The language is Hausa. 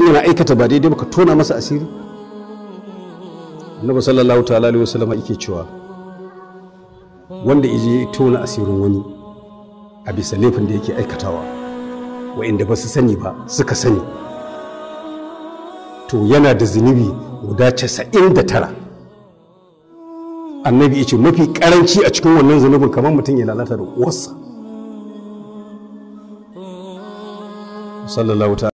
can yana aikata ba daidai ba ka tona masa asiri annabi sallallahu ta'ala alaihi wasallama yake cewa wanda yaje tona asirin wani a bisa laifin da yake aikatawa wa'inda ba su sani ba suka sani to yana da zunubi guda casa'in da tara annabi ce mafi karanci a cikin wannan zunubin kamar mutum ya lalata da uwarsa sallallahu